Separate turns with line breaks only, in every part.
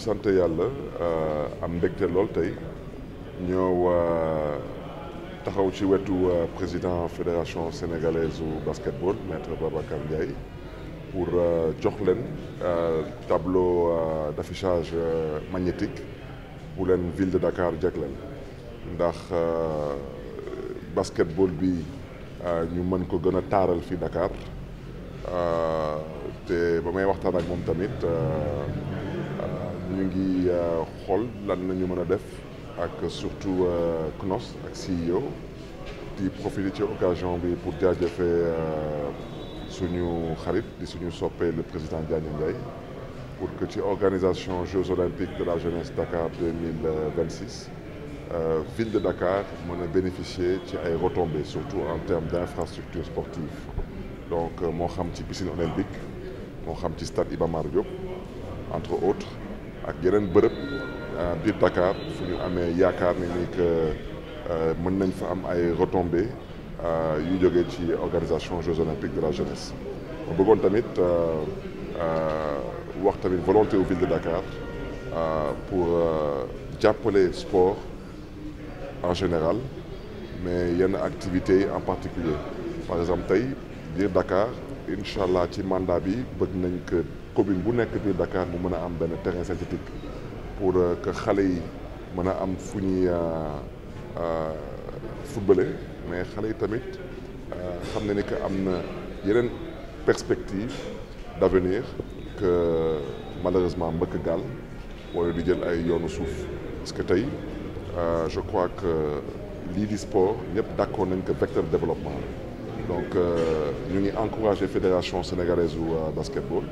sant yàlla euh, am mbégte lool tey ñëw euh, taxaw ci wetu euh, président fédération sénégalaise u basketball maître Babacar Ndiaye pour jox leen tableau d'affichage magnétique bu leen ville de Dakar jagleel ndax basketball bi ñu mën ko gën a taaral fi Dakar te ba may waxtaan ak moom tamit ñu ngi euh, xool lan la ñu mën a def ak surtout CNOS euh, ak CEO di profiter ci occasion bi pour jaajëfe euh, suñu xarit di suñu soppee le président Diagne Ndiaye pour que ci organisation Jeux olympiques de la jeunesse Dakar 2026 ville de Dakar mën a bénéficier ci ay retombées surtout en termes d'infrastructures sportives donc moo xam ci piscine olympique moo xam ci stade Iba Mar entre autres ak yeneen bërëb biir ah, Dakar suñu amee yaakaar ne ni que euh, mën nañ fa am ay retombées euh, yu jógee ci organisation Jeux olympiques de la jeunesse ma bëggoon tamit euh, wax tamit volonté au ville de Dakar pour jàppale sport en général mais yenn activités en particulier par exemple tey biir Dakar incha allah ci mandat bi bëgg nañ que commune bu nekk biir Dakar bu mën a am benn terrain synthétique pour euh, que xale yi mën a am fu ñuy euh, euh, footballé mais xale yi tamit xam na ni que am na yeneen perspective d'avenir que malheureusement mbëkk gaal wala di jël ay yoonu suuf parce que tey je crois que lii di sport ñëpp d'accord nañ ko vecteur développement donc euh, ñu ngi encouragé fédération sénégalaise bu euh, basketball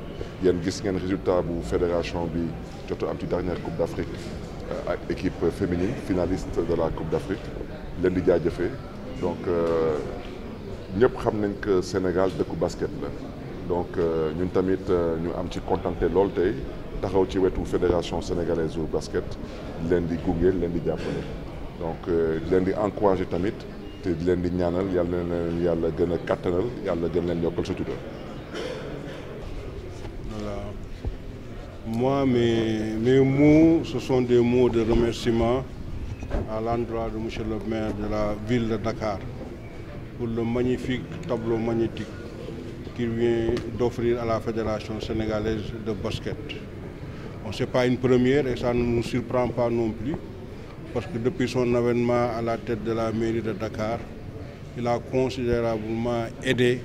yéen gis ngeen résultat bu fédération bi jot am ci dernière coupe d' Afrique euh, ak équipe féminine finaliste de la coupe d' Afrique leen di jaajëfee donc ñëpp xam nañ que Sénégal dëkku basket la donc ñun tamit ñu am ci contenté lool tey taxaw ci wetu fédération sénégalaise bu basket leen di gunge leen di jàppale donc leen di encouragé tamit. te leen di ñaanal yàlla na leen yàlla gën a kàttanal
yàlla gën leen yokkal sutura. voilà moi mes mes mots ce sont des mots de remerciement à l'endroit de monsieur le maire de la ville de Dakar pour le magnifique tableau magnétique qu'il vient d'offrir à la Fédération sénégalaise de basket. Bon, c'est pas une première et ça ne surprend pas non plus. parce que depuis son avènement à la tête de la mairie de Dakar, il a considérablement aidé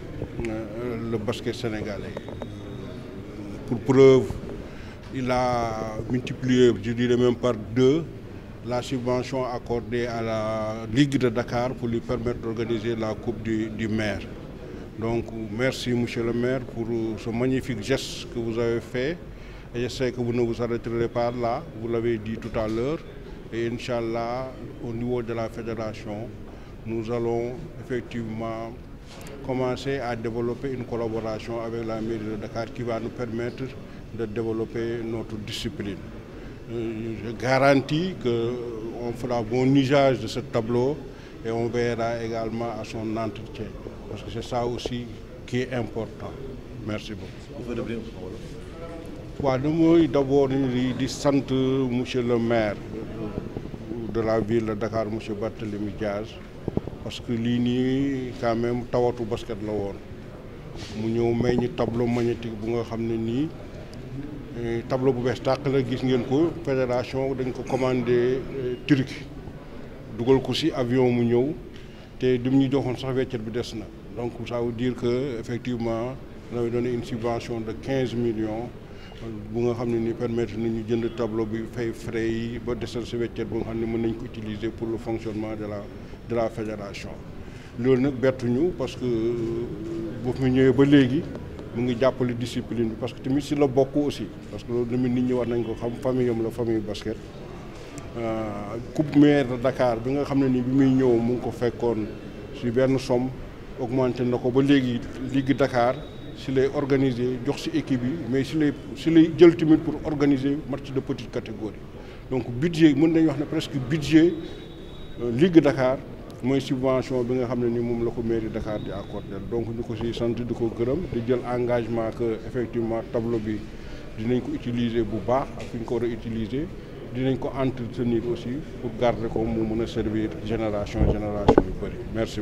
euh, le basket sénégalais. Pour preuve, il a multiplié, je dirais même par deux, la subvention accordée à la Ligue de Dakar pour lui permettre d'organiser la Coupe du, maire. Donc merci Monsieur le maire pour ce magnifique geste que vous avez fait. Et je sais que vous ne dit tout à l'heure. Et Inch'Allah, au niveau de la fédération, nous allons effectivement commencer à développer une collaboration avec la mairie de Dakar qui va nous permettre de développer notre discipline. Euh, je garantis qu'on fera bon usage de ce tableau et on verra également à son entretien. Parce que c'est ça aussi qui est important. Merci beaucoup. waaw damay d'abord di sant monsieur le maire de la ville de Dakar monsieur Barthélémy Diaz parce que lii nii quand même tawatu basket la woon mu ñëw may ñu tableau magnétique bu nga xam ne nii eh, tableau bu bees tàq la gis ngeen ko fédération dañ ko commandé eh, Turquie dugal ko si avion mu ñëw te dim ñu joxoon sax weccet bi des na donc ça veut dire que effectivement dañu doon une subvention de quinze millions bu nga xam ne ni permettre nañu jënd tableau bi fay frais yi ba desal sa weccet bu nga xam ne mën nañ koo utiliser pour le fonctionnement de la de la fédération loolu nag bettuñu parce que euh, bu mu ñëwee ba léegi mu ngi jàppale discipline bi parce que tamit si la bokk aussi parce que loolu tamit nit ñi war nañ ko xam famille am la famille basket euh, coupe maire de Dakar bi nga xam ne nii bi muy ñëw mu ngi ko fekkoon si benn somme augmenté na ko ba léegi ligue Dakar si lay organiser jox si équipe yi mais si lay si lay jël tamit pour organiser match de petite catégorie donc budget mën nañ wax ne presque budget euh, Ligue Dakar mooy subvention bi nga xam ne ni moom la ko mairie Dakar di accordé donc ñu ko si sant du ko gërëm di jël engagement que effectivement tableau bi dinañ ko utiliser bu baax ak fi ñu ko war dinañ ko entretenir aussi pour garder ko mu mën a servir génération génération yu bëri merci